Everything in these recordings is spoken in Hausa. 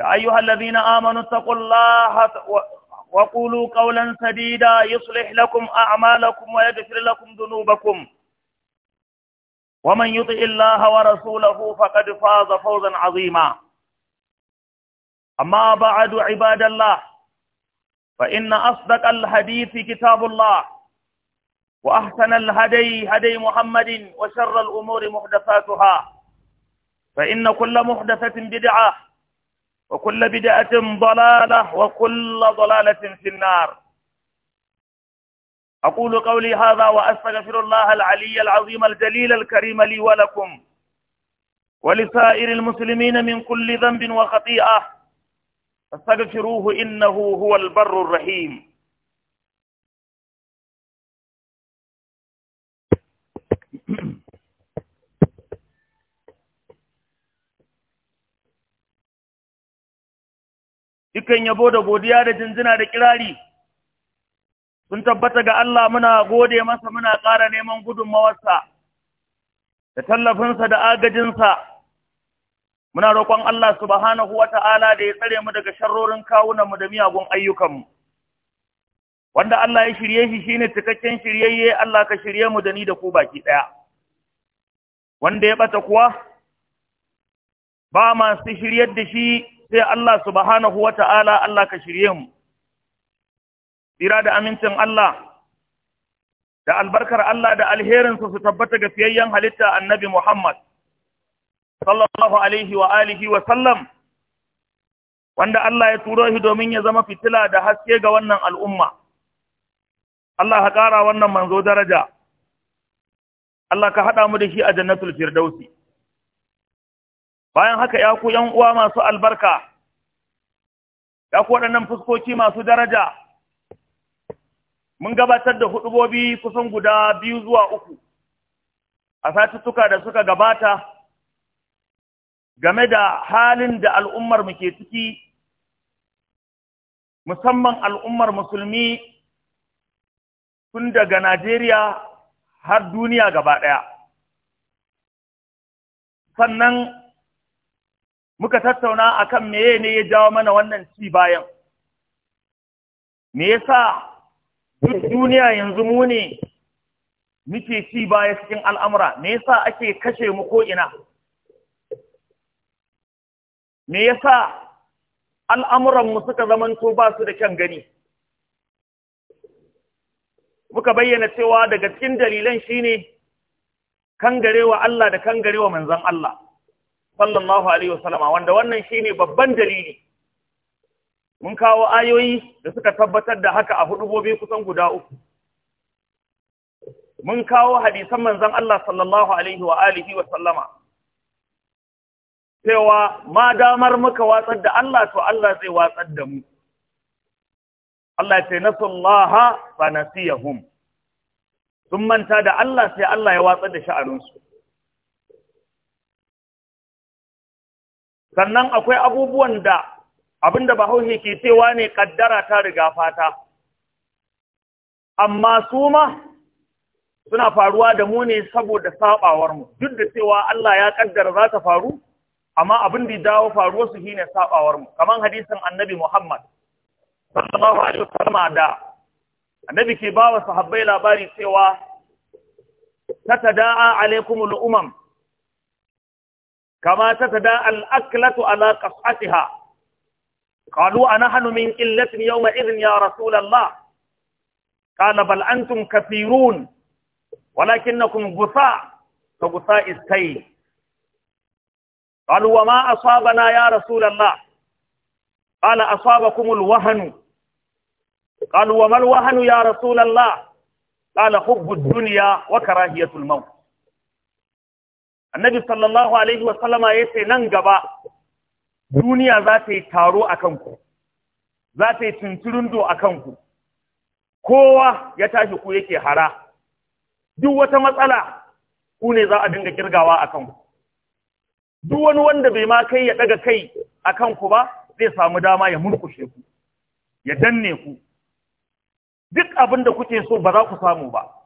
يا أيها الذين آمنوا اتقوا الله وقولوا قولا سديدا يصلح لكم أعمالكم ويغفر لكم ذنوبكم ومن يطع الله ورسوله فقد فاز فوزا عظيما أما بعد عباد الله فإن أصدق الحديث كتاب الله وأحسن الهدي هدي محمد وشر الأمور محدثاتها فإن كل محدثة بدعة وكل بدعة ضلالة وكل ضلالة في النار أقول قولي هذا وأستغفر الله العلي العظيم الجليل الكريم لي ولكم ولسائر المسلمين من كل ذنب وخطيئة فاستغفروه إنه هو البر الرحيم dukan yabo da godiya da jinjina da kirari sun tabbata ga Allah muna gode masa muna ƙara neman gudunmawarsa da tallafinsa da agajinsa muna roƙon Allah subhanahu ta'ala da ya tsare mu daga sharrorin kawunanmu da miyagun ayyukanmu wanda Allah ya shirye shi shine cikakken shiryayye Allah ka shirye mu da ni da ku baki ɗaya wanda ya bata kuwa ba masu shiryar da shi sai Allah subhanahu wa ta'ala Allah ka shirye mu. Tsira da amincin Allah, da albarkar Allah da alherinsa su tabbata ga fiyayyen halitta annabi Muhammad, sallallahu Alaihi wa alihi wa sallam, wanda Allah ya turo shi domin ya zama fitila da haske ga wannan al'umma. Allah ka ƙara wannan manzo daraja, Allah ka haɗa mu da shi a jannatul firdausi. bayan haka ya ku ‘yan uwa masu albarka, ya ku waɗannan fuskoki masu daraja, mun gabatar da huɗubobi kusan guda biyu zuwa uku a satuttuka da suka gabata game da halin da al'ummar mu ke ciki, musamman al'ummar musulmi tun daga Najeriya har duniya gaba ɗaya. Sannan muka tattauna a kan meye ne ya jawo mana wannan ci bayan me ya yasa duniya yanzu mu ne muke ci baya cikin al'amura me ya yasa ake kashe mu ko ina me yasa mu suka zamanto ba su da kyan gani muka bayyana cewa daga cikin dalilan shi shine kangarewa Allah da kangarewa manzon Allah sallallahu alaihi wasallama wanda wannan shine babban dalili mun kawo ayoyi da suka tabbatar da haka a hudubobi kusan guda uku mun kawo hadisan manzon Allah sallallahu alaihi wa alihi wa sallama cewa ma damar muka watsar da Allah to Allah zai watsar da mu Allah ya ce nasullaha fa nasiyahum sun manta da Allah sai Allah ya watsar da sha'aninsu sannan akwai abubuwan da abinda bahaushe ke cewa ne kaddara ta riga fata amma su ma suna faruwa da mu ne saboda sabawar duk da cewa Allah ya kaddara za ta faru amma abin da dawo faruwar su shine sabawar mu kaman hadisin Annabi Muhammad sallallahu alaihi wasallam da Annabi ke bawa sahabbai labari cewa tatada'a alaikumul umam كما تتداء الأكلة على قصعتها قالوا أنحن من قلة يومئذ يا رسول الله قال بل أنتم كثيرون ولكنكم غثاء كغثاء السيل قالوا وما أصابنا يا رسول الله قال أصابكم الوهن قالوا وما الوهن يا رسول الله قال حب الدنيا وكراهية الموت annabi sallallahu alaihi wasallama ya ce nan gaba duniya za ta yi taro a kanku za ta yi do a kanku kowa ya tashi ku yake hara duk wata matsala ku ne za a dinga kirgawa a kanku duk wani wanda bai ma kai ya daga kai a kanku ba zai samu dama ya murkushe ku ya danne ku duk abin da kuke so ba za ku samu ba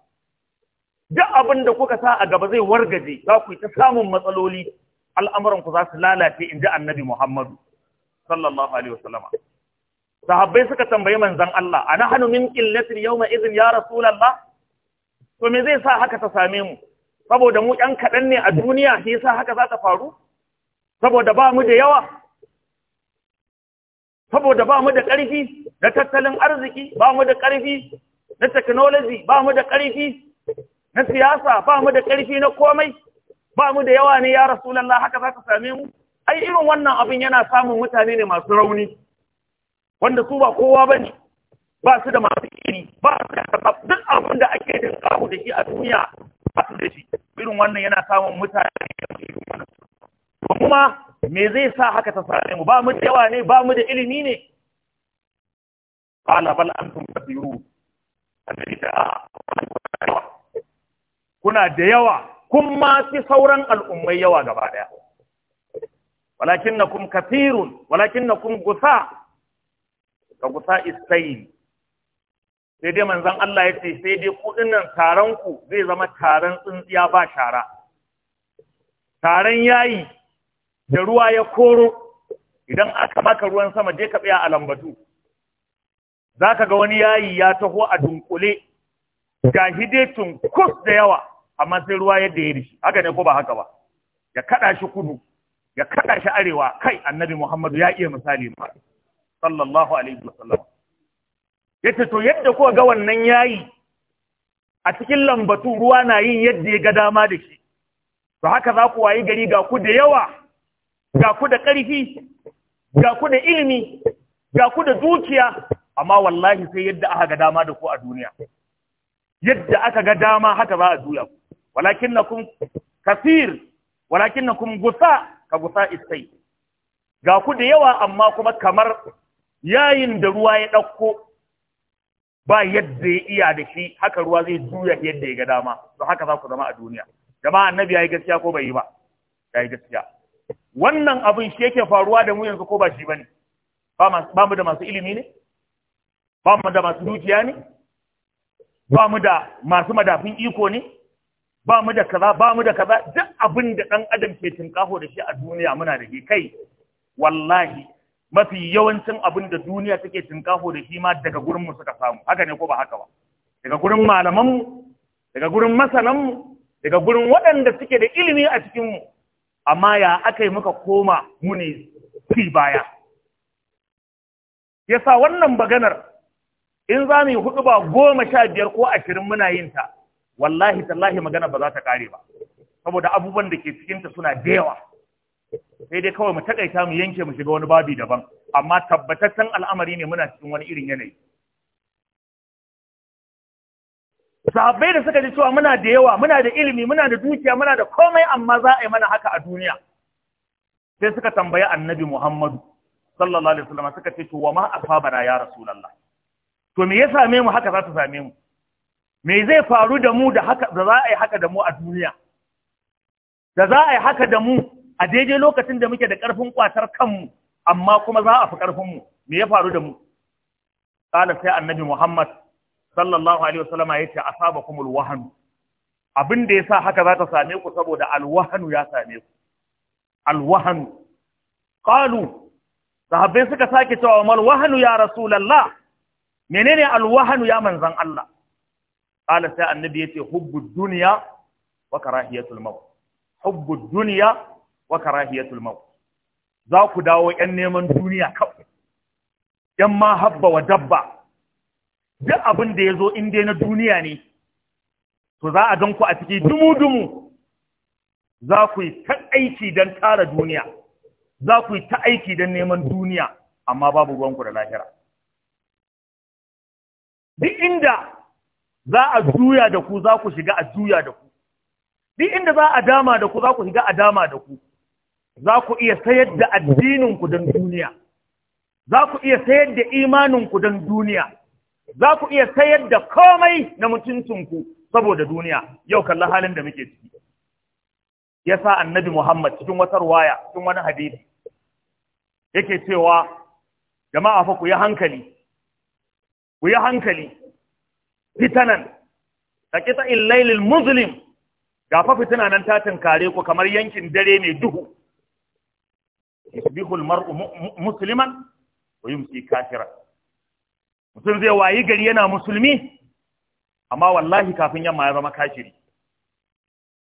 duk abin da kuka sa a gaba zai wargaje za ku yi ta samun matsaloli al'amuranku za su lalace in ji annabi Muhammadu sallallahu alaihi wasallama sahabbai suka tambayi manzan Allah ana hanu min qillatil yawma idhin ya rasulullah to me zai sa haka ta same mu saboda mu ɗan kaɗan ne a duniya shi yasa haka za ta faru saboda ba mu da yawa saboda ba mu da ƙarfi na tattalin arziki ba mu da ƙarfi na technology ba mu da ƙarfi na siyasa ba mu da ƙarfi na komai ba mu da yawa ne ya rasulallah haka za ka same mu ai irin wannan abin yana samun mutane ne masu rauni wanda su ba kowa ba ne ba su da masu iri ba su da sabab duk abin da ake da samu da shi a duniya ba su da shi irin wannan yana samun mutane kuma me zai sa haka ta same mu ba mu da yawa ne ba mu da ilimi ne qala bal antum tasirun annabi ah, ta kuna da yawa kun ma fi sauran al'ummai yawa gaba ɗaya Walakin na walakin na kun gusa ka gusa istayin sai dai manzon Allah ya ce sai dai kuɗin nan taron ku zai zama taron tsintsiya ba shara taron yayi da ruwa ya koro idan aka baka ruwan sama je ka tsaya a lambatu za ka ga wani yayi ya taho a dunkule ga hidetun kus da yawa amma sai ruwa yadda ya rishi haka ne ko ba haka ba ya kada shi kudu ya kada shi arewa kai annabi Muhammadu ya iya misali ma sallallahu alaihi wasallam yace to yadda ko ga wannan yayi a cikin lambatu ruwa na yin yadda ya ga dama da shi to haka za ku wayi gari ga ku da yawa ga ku da karfi ga ku da ilimi ga ku da dukiya amma wallahi sai yadda aka ga dama da ku a duniya yadda aka ga dama haka za a juya ku walakinnakum kasir walakinnakum gusa ka gusa isai ga ku da yawa amma kuma kamar yayin da ruwa ya ɗauko ba yadda ya iya da shi haka ruwa zai juya yadda ya ga dama don haka za ku zama a duniya jama'a annabi ya yi gaskiya ko bai yi ba ya yi gaskiya wannan abin shi yake faruwa da mu yanzu ko ba shi bane ba mu da masu ilimi ne ba mu da masu dukiya ne ba mu da masu madafin iko ne ba mu da kaza ba mu da kaza duk abin da dan adam ke tinkaho da shi a duniya muna da shi kai wallahi mafi yawancin abin da duniya take tinkaho da shi ma daga gurin mu suka samu haka ne ko ba haka ba daga gurin malaman mu daga gurin masanan mu daga gurin waɗanda suke da ilimi a cikin mu amma ya aka yi muka koma mu ne fi baya yasa wannan baganar in za mu yi hudu ba goma sha biyar ko ashirin muna yin ta wallahi tallahi magana ba za ta kare ba saboda abubuwan da ke cikinta suna da yawa sai dai kawai mu takaita mu yanke mu shiga wani babi daban amma tabbataccen al'amari ne muna cikin wani irin yanayi sahabbai da suka ji cewa muna da yawa muna da ilimi muna da dukiya muna da komai amma za a yi mana haka a duniya sai suka tambayi annabi Muhammadu sallallahu alaihi wasallam suka ce to wa ma asabana ya rasulullah to me ya same mu haka za ta same mu me zai faru da mu da haka da za a yi haka da mu a duniya da za a yi haka da mu a daidai lokacin da muke da ƙarfin ƙwatar kanmu amma kuma za a fi ƙarfinmu me ya faru da mu ƙala sai annabi muhammad sallallahu alaihi wasallama ya ce asaba kuma wahanu abin da ya sa haka za ta same ku saboda alwahanu ya same ku alwahanu ƙalu sahabbai suka sake cewa malwahanu ya rasulallah menene alwahanu ya manzan Allah ƙala sai annabi ce hubbud duniya wa karahiyatul maut hubbud duniya wa karahiyatul maut za ku dawo yan neman duniya kawai yan ma habba wa dabba duk abin da zo in dai na duniya ne to za a ku a ciki dumu dumu za ku yi ta aiki don tara duniya za ku yi ta aiki don neman duniya amma babu ruwanku da lahira duk inda za a juya da ku za ku shiga a juya da ku duk inda za a dama da ku za ku shiga a dama da ku za ku iya sayar da addinin ku don duniya za ku iya sayar da imanin ku don duniya za ku iya sayar da komai na ku saboda duniya yau kalla halin da muke ciki ya sa annabi Muhammad cikin wata ruwaya cikin wani hadisi yake cewa jama'a fa ku yi hankali ku yi hankali fitanan ka kita illailil muslim ga fa fitina nan ta tinkare ku kamar yankin dare mai duhu yusbihul mar'u musliman wa yumsi kafiran mutum zai wayi gari yana musulmi amma wallahi kafin yamma ya zama kafiri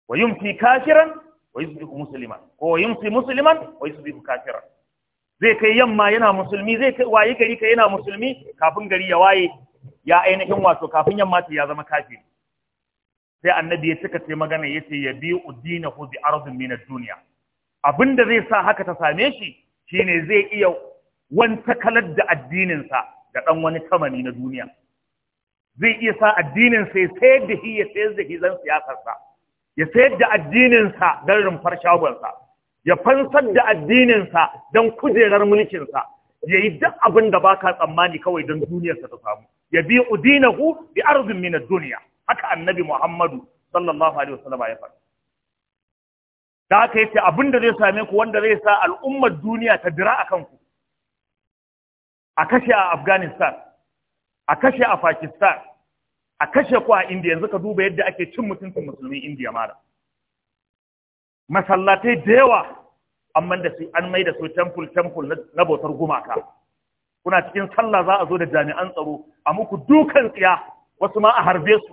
wa yumsi kafiran wa yusbihu musliman ko yumsi musliman wa yusbihu kafiran zai kai yamma yana musulmi zai kai wayi gari kai yana musulmi kafin gari ya waye ya ainihin wato kafin yamma ta ya zama kafi sai annabi ya cika ce magana ya ce ya biyu Udina bi ardin min ad-dunya da zai sa haka ta same shi shine zai iya wanta kalar da addinin sa da dan wani kamani na duniya zai iya sa addinin sa ya da shi ya sayar da hizan siyasar sa ya sayar da addinin sa dan rumfar shagon sa ya fansar da addinin sa dan kujerar mulkin sa yayi duk abin da baka tsammani kawai dan duniyar sa ta samu Ya bi udinahu bi ardin min ad-dunya haka annabi Muhammadu sallallahu alaihi wasallam ya faɗa da aka yace abinda zai same ku wanda zai sa al'ummar duniya ta dira akan ku a kashe a Afghanistan a kashe a Pakistan a kashe ku a India yanzu ka duba yadda ake cin mutuncin musulmin India mara masallatai da yawa an mai da su temple temple na bautar gumaka kuna cikin sallah za a zo da jami'an tsaro a muku dukan tsiya wasu ma a harbe su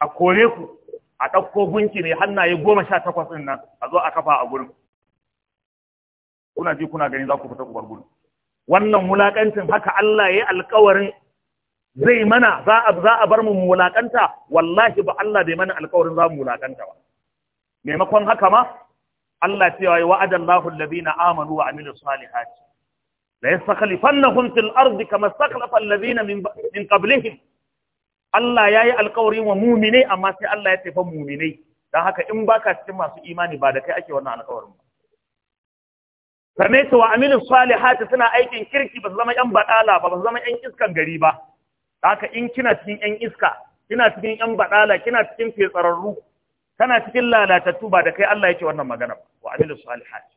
a kore ku a ɗauko gunki ne hannaye goma sha takwas ɗin nan a zo a kafa a gurin kuna ji kuna gani za ku fita kubar gurin wannan wulaƙancin haka Allah ya yi alƙawarin zai mana za a za a bar mu wulaƙanta wallahi ba Allah bai mana alƙawarin za mu wulaƙanta ba maimakon haka ma Allah cewa ya wa'ada Allahu alladhina amanu wa amilus salihati la yastakhlifannahum fil ardi kama istakhlafa alladhina min min qablihim Allah yayi alƙawari wa mu'minai amma sai Allah ya tafi mu'minai dan haka in baka cikin masu imani ba da kai ake wannan alƙawarin ba same su wa amilin salihati suna aikin kirki ba su zama ƴan badala ba ba su zama ƴan iskan gari ba haka in kina cikin ƴan iska kina cikin ƴan badala kina cikin fetsararru kana cikin lalatattu ba da kai Allah yake wannan magana ba wa amilin salihati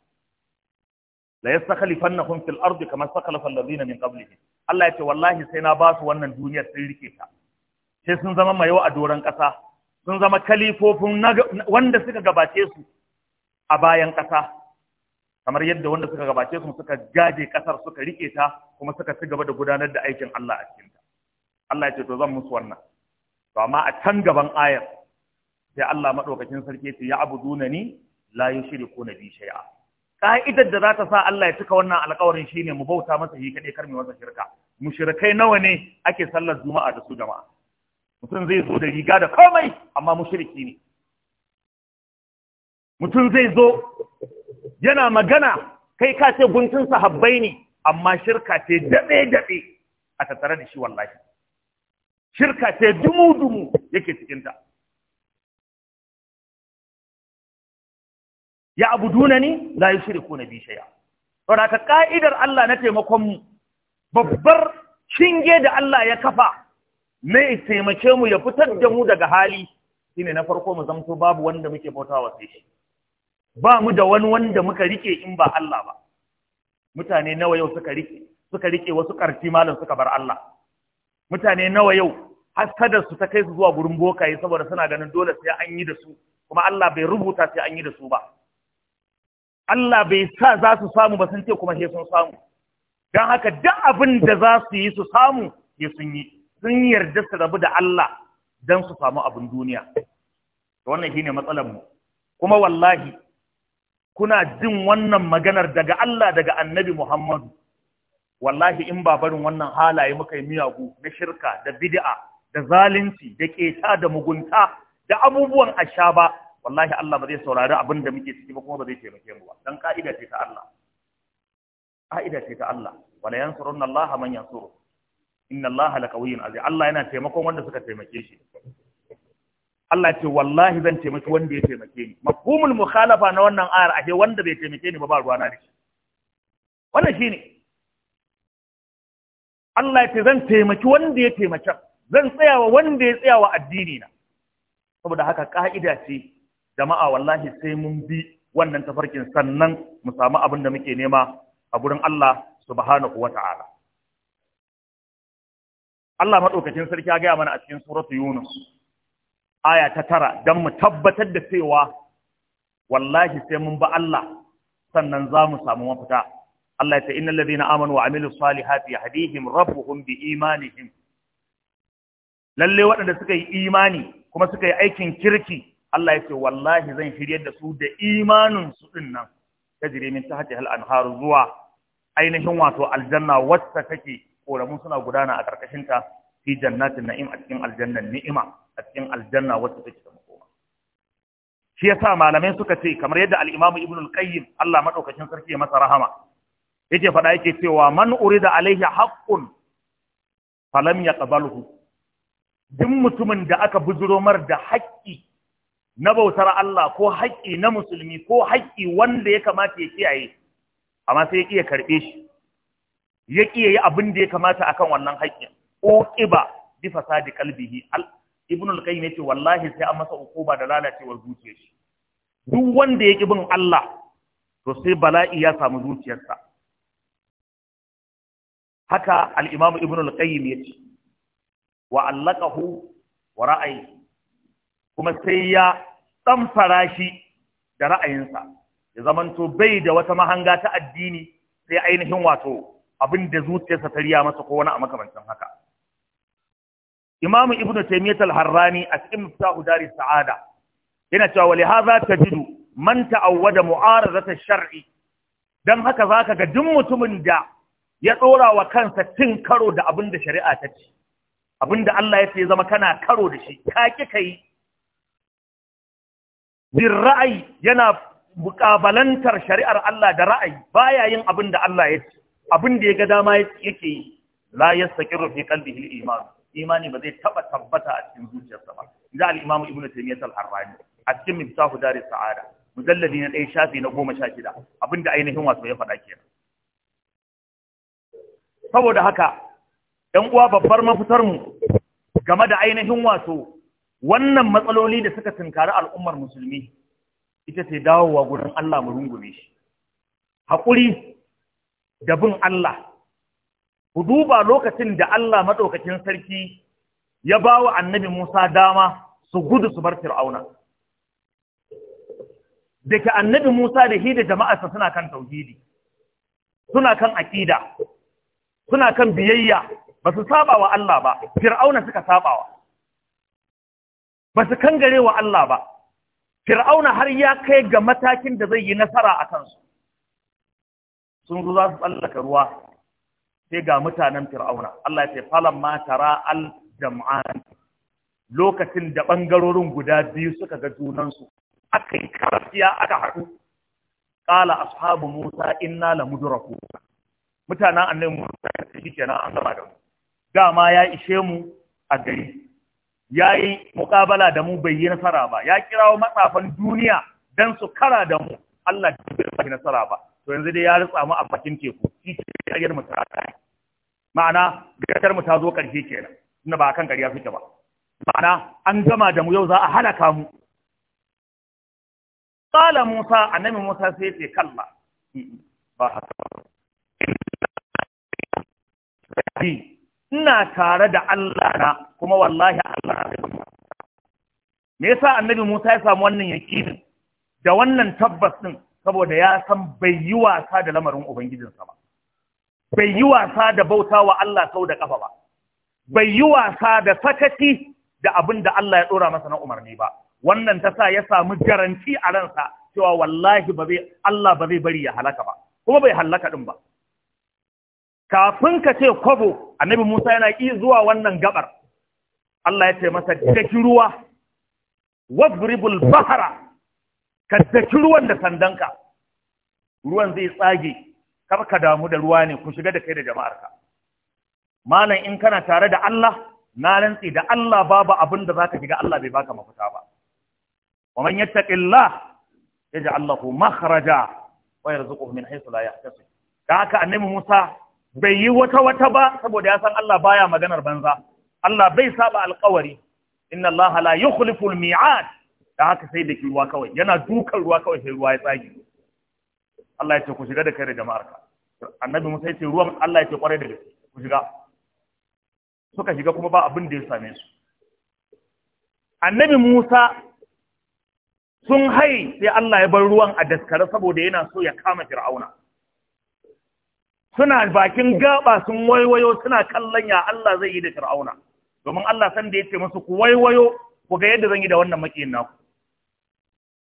la yastakhlifannahum fil ardi kama istakhlafa alladhina min qablihim Allah ya ce wallahi sai na ba su wannan duniyar sun rike ta sai sun zama mayo a doron ƙasa sun zama kalifofin wanda suka gabace su a bayan ƙasa kamar yadda wanda suka gabace su suka gaje ƙasar suka rike ta kuma suka ci gaba da gudanar da aikin Allah a ta. Allah ya ce to zan musu wannan to amma a can gaban ayar sai Allah madaukakin sarki ya ce ya abuduna ni la yushriku na bi shay'a ka'idar da za ta sa Allah ya cika wannan alƙawarin shi ne mu bauta masa shi kaɗai kar mu wasa shirka mushrikai nawa ne ake sallar juma'a da su jama'a mutum zai zo da riga da komai amma mushriki ne mutum zai zo yana magana kai ka ce guntun sahabbai ne amma shirka ce daɗe daɗe a tattare da shi wallahi shirka ce dumu dumu yake cikinta ya abuduna ni la na bi shay'a Wadda ka ƙa'idar Allah na taimakon babbar shinge da Allah ya kafa mai taimake mu ya fitar da mu daga hali shi ne na farko mu zamto babu wanda muke bautawa sai shi ba mu da wani wanda muka rike in ba Allah ba mutane nawa yau suka rike wasu ƙarfi malam suka bar Allah mutane nawa yau haskada su ta kai su zuwa gurin bokaye saboda suna ganin dole sai an yi da su kuma Allah bai rubuta sai an yi da su ba Allah bai sa za su samu ba sun ce kuma sai sun samu don haka duk abin da za su yi su samu ya sun yi sun yarda su rabu da Allah don su samu abin duniya wannan shine matsalar mu kuma wallahi kuna jin wannan maganar daga Allah daga Annabi Muhammadu wallahi in ba barin wannan halaye muka yi miyagu na shirka da bid'a da zalunci da ƙeta da mugunta da abubuwan asha ba wallahi Allah ba zai saurari abin da muke ciki ba kuma ba zai taimake mu ba dan ka'ida ce ta Allah ka'ida ce ta Allah wala yansurunna Allah man yansuru inna Allah laqawiyyun aziz Allah yana taimakon wanda suka taimake shi Allah ce wallahi zan taimaki wanda ya taimake ni mafhumul mukhalafa na wannan ayar ake wanda bai taimake ni ba ba ruwana da shi wannan shine Allah ya ce zan taimaki wanda ya taimake zan tsayawa wanda ya tsayawa addini na saboda haka ka'ida ce jama'a wallahi sai mun bi wannan tafarkin sannan mu samu abin da muke nema a gurin Allah subhanahu wa ta'ala Allah madaukakin sarki ya gaya mana a cikin suratu Yunus aya ta tara dan mu tabbatar da cewa wallahi sai mun ba Allah sannan za mu samu mafita Allah ya ce innal na amanu wa amilus salihati yahdihim rabbuhum bi imanihim lalle waɗanda suka yi imani kuma suka yi aikin kirki Allah ya ce wallahi zan shirya da su da imanin su Ta nan tajri min tahtiha al zuwa ainihin wato aljanna wacce take Ƙoramun suna gudana a karkashin ta fi jannatin na'im a cikin aljannan ni'ima a cikin aljanna wacce take ta makoma shi yasa malamai suka ce kamar yadda al Ibn al-Qayyim Allah madaukakin sarki ya masa rahama yake faɗa yake cewa man urida alaihi haƙƙun falam yaqbalhu duk mutumin da aka bujuro mar da haƙƙi na bautar Allah ko haƙƙi na musulmi ko haƙƙi wanda ya kamata ya kiyaye amma sai ya kiyaye karɓe shi ya kiyaye abin da ya kamata akan wannan haƙƙin uqiba bi fasadi qalbihi ibn al-qayyim yace wallahi sai an masa ukuba da lalacewar zuciyar shi duk wanda ya bin Allah to sai bala'i ya samu zuciyarsa haka al-imam ibn al-qayyim yace wa allaqahu wa ra'ayi kuma sai ya tsamfara shi da ra'ayinsa ya zamanto bai da wata mahanga ta addini sai ainihin wato abin da zuciyarsa ta riya masa ko wani a makamancin haka imamu ibnu taymiyyah al-harrani a cikin miftahu dari sa'ada yana cewa wa lihaza tajidu man ta'awwada mu'arazata ash-shar'i dan haka zaka ga duk mutumin da ya dora wa kansa cin karo da abin da shari'a ta ce abin da Allah ya ce zama kana karo da shi ka ki kai bin ra'ayi yana bukabalantar shari'ar Allah da ra'ayi baya yin abin da Allah ya ce abin da ya ga dama yake yi la yastaqiru rufe kalbi hil imanu. imani ba zai taɓa tabbata a cikin zuciyarsa ba idan al-imam ibnu taymiyyah al-harrani a cikin miftahu dar sa'ada mujalladi na ɗaya shafi na goma sha shida da ainihin wasu ya faɗa kenan saboda haka ‘yan uwa babbar mafitarmu game da ainihin wasu. wannan matsaloli da suka tunkari al'ummar musulmi ita ce dawowa gurin Allah mu rungume shi haƙuri da bin Allah ku duba lokacin da Allah maɗaukacin sarki ya ba wa annabi Musa dama su gudu su bar fir'auna da annabi Musa da hida jama'arsa suna kan tauhidi suna kan aƙida suna kan biyayya ba su saba wa Allah ba fir'auna suka saba wa ba su kangare wa Allah ba fir'auna har ya kai ga matakin da zai yi nasara a kansu sun zo za su tsallaka ruwa sai ga mutanen fir'auna Allah ya ce falon ma tara al jam'an lokacin da bangarorin guda biyu suka ga junansu aka yi karfiya aka haɗu qala ashabu musa inna lamudraku mutanen annabi musa shi kenan an gama da mu dama ya ishe mu a gari ya yi muƙabala da mu bai yi nasara ba ya kirawo matsafan duniya don su kara da mu Allah bai yi nasara ba to yanzu dai ya ritsa mu a bakin teku shi ke karyar mu ta kai ma'ana gaskar mu ta zo karshe kenan tunda ba kan gariya suke ba ma'ana an gama da mu yau za a halaka mu qala musa annabi musa sai ce kalla ba haka ba ina tare da Allah na kuma wallahi Allah na zai me yasa annabi Musa ya samu wannan yakinin da wannan tabbas ɗin saboda ya san bai yi wasa da lamarin ubangijinsa ba bai yi wasa da bauta wa Allah sau da kafa ba bai yi wasa da sakaci da abin da Allah ya dora masa na umarni ba wannan ta sa ya samu garanti a ransa cewa wallahi Allah ba zai bari ya halaka ba kuma bai halaka ɗin ba kafin ka ce kwabo annabi Musa yana ƙi zuwa wannan gabar Allah ya ce masa daki ruwa wadribul bahara ka daki ruwan da sandanka ruwan zai tsage kar ka damu da ruwa ne ku shiga da kai da jama'arka malam in kana tare da Allah na rantsi da Allah babu abin da zaka shiga Allah bai baka mafita ba wa man yattaqillah yaj'al lahu makhraja wa yarzuquhu min haythu la yahtasib da haka annabi Musa bai yi wata wata ba saboda ya san Allah baya maganar banza Allah bai saba alƙawari inna Allah la yukhlifu al-mi'ad da haka sai da ruwa kawai yana dukan ruwa kawai sai ruwa ya tsage Allah ya ce ku shiga da kai da jama'arka annabi Musa ya ce ruwan Allah ya ce kwarai da gaske ku shiga suka shiga kuma ba abin da ya same su annabi Musa sun hai sai Allah ya bar ruwan a daskare saboda yana so ya kama Fir'auna suna bakin gaba sun waiwayo suna kallon ya Allah zai yi da Fir'auna domin Allah san da yake musu ku waiwayo ku ga yadda zan yi da wannan makiyin naku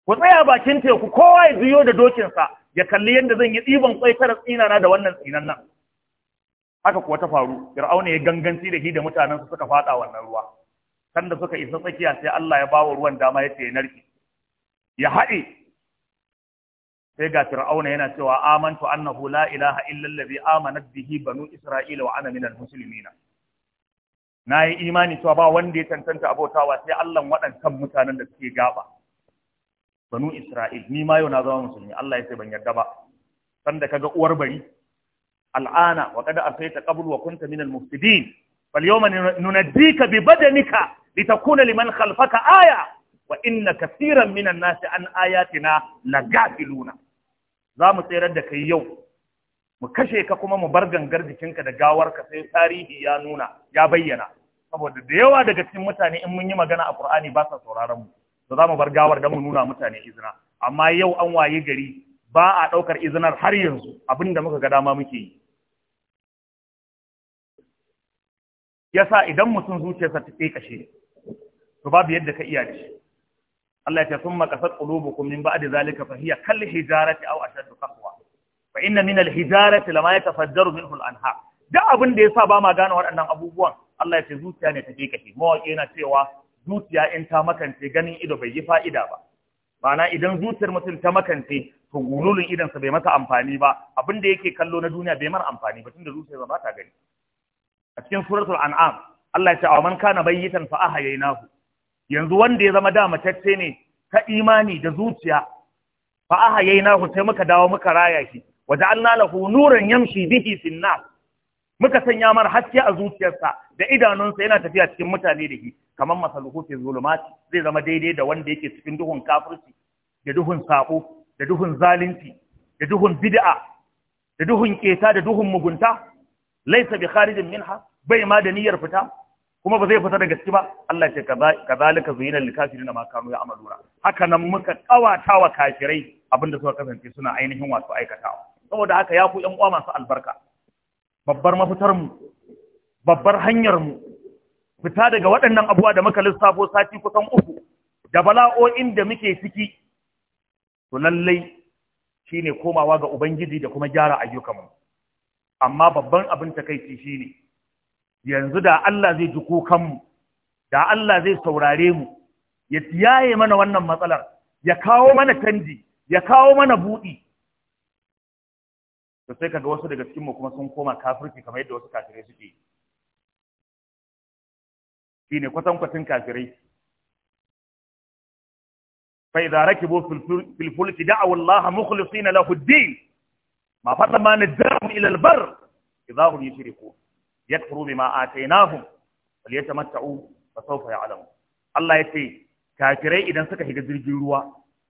ku tsaya bakin teku kowa ya juyo da dokin sa ya kalli yadda zan yi tsiban kwai tsina na da wannan tsinan nan haka kuwa ta faru Fir'auna ya ganganci da shi da mutanen suka fada wannan ruwa sanda suka isa tsakiya sai Allah ya bawo ruwan dama yace ya narke ya haɗe sai ga fir'auna yana cewa amantu annahu la ilaha illa allazi amanat bihi banu isra'ila wa ana minal muslimina nayi imani cewa ba wanda ya tantanta abotawa sai Allah waɗancan mutanen da suke gaba banu isra'il ni ma yau na zama musulmi Allah ya ce ban yarda ba san da kaga uwar bari al'ana wa qad arsaita qabl wa kunta minal mufsidin فاليوم ننجيك ببدنك liman لمن aya wa inna كثيرا من nasi an آياتنا لغافلون za mu tsayar da kai yau mu kashe ka kuma mu bar gangar jikinka da gawarka sai tarihi ya nuna ya bayyana saboda da yawa daga cikin mutane in mun yi magana a Qur'ani ba sa sauraron mu to za mu bar gawar dan mu nuna mutane izina amma yau an waye gari ba a daukar izinar har yanzu abinda muka ga dama muke yi yasa idan mutum zuciyarsa ta kashe to babu yadda ka iya shi Allah ya ce summa qasat qulubukum min ba'di zalika fa hiya kal hijarati aw ashaddu qaswa fa inna min al hijarati lama yatafajjaru minhu al anhar duk abin da yasa ba ma gane waɗannan abubuwan Allah ya ce zuciya ne ta ke ka mawaƙi yana cewa zuciya in ta makance ganin ido bai yi fa'ida ba ma'ana idan zuciyar mutum ta makance to gululun idan sa bai masa amfani ba abin da yake kallo na duniya bai mara amfani ba tunda zuciyar ba ta gani a cikin suratul an'am Allah ya ce a man kana bayyitan fa ahayaynahu yanzu wanda ya zama da matacce ne ta imani da zuciya fa ahayainahu sai muka dawo muka raya shi waja'alna lahu nuran yamshi bihi fin nas muka sanya mar haske a zuciyarsa da idanunsa yana tafiya cikin mutane da shi kamar masaluhu fi zulumati zai zama daidai da wanda yake cikin duhun kafirci da duhun sako da duhun zalunci da duhun bid'a da duhun keta da duhun mugunta laysa bi kharijin minha bai ma da niyyar fita kuma ba zai fita da gaske ba Allah ce kazalika zuyina lil kafirin ma kanu amalura haka nan muka kawata wa kafirai abinda suka kasance suna ainihin wato aikatawa saboda haka ya ku ƴan uwa masu albarka babbar mafitar mu babbar hanyar mu fita daga waɗannan abuwa da muka lissafo sati kusan uku da bala'o'in da muke ciki to lallai shine komawa ga ubangiji da kuma gyara ayyukan mu amma babban abin takeici shine yanzu da Allah zai ji kukanmu da Allah zai saurare mu ya yaye mana wannan matsalar ya kawo mana canji ya kawo mana buɗi to sai kaga wasu daga cikinmu kuma sun koma kafirci kamar yadda wasu kafirai suke shi ne kwatankwacin kafirai fa idza rakibu fil fulki da'u Laha mukhlisina lahu ad-din ma fatama nadamu ila al idza hum yushrikun yakfuru bima atainahum falyatamatta'u fa sawfa ya'lamu Allah yace kafirai idan suka shiga jirgin ruwa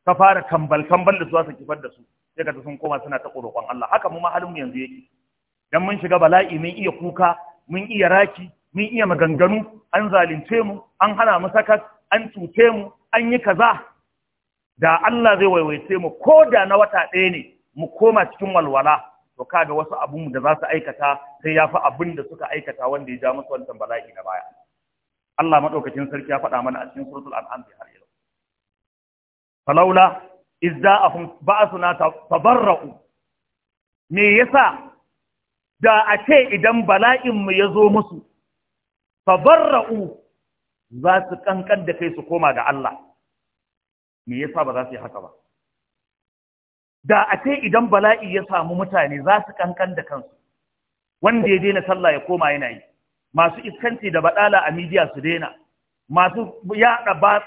ka fara kambal kambal da su su kifar da su sai ka sun koma suna ta roƙon Allah haka mu halin mu yanzu yake dan mun shiga bala'i mun iya kuka mun iya raki mun iya maganganu an zalunce mu an hana mu sakat an cuce mu an yi kaza da Allah zai waiwaice mu ko da na wata ɗaya ne mu koma cikin walwala to kaga wasu abun da za su aikata sai ya fi abin da suka aikata wanda ya ja musu wancan bala'i na baya Allah madaukakin sarki ya faɗa mana a cikin suratul an'am bi har yau falaula izza'ahum ba'suna tabarra'u me yasa da a ce idan bala'in mu zo musu tabarra'u za su kankan da kai su koma ga Allah me yasa ba za su yi haka ba da a ce idan bala'i ya samu mutane za su kankan da kansu wanda ya daina sallah ya koma yana yi masu iskanci da baɗala a midiya su daina masu yaɗa ba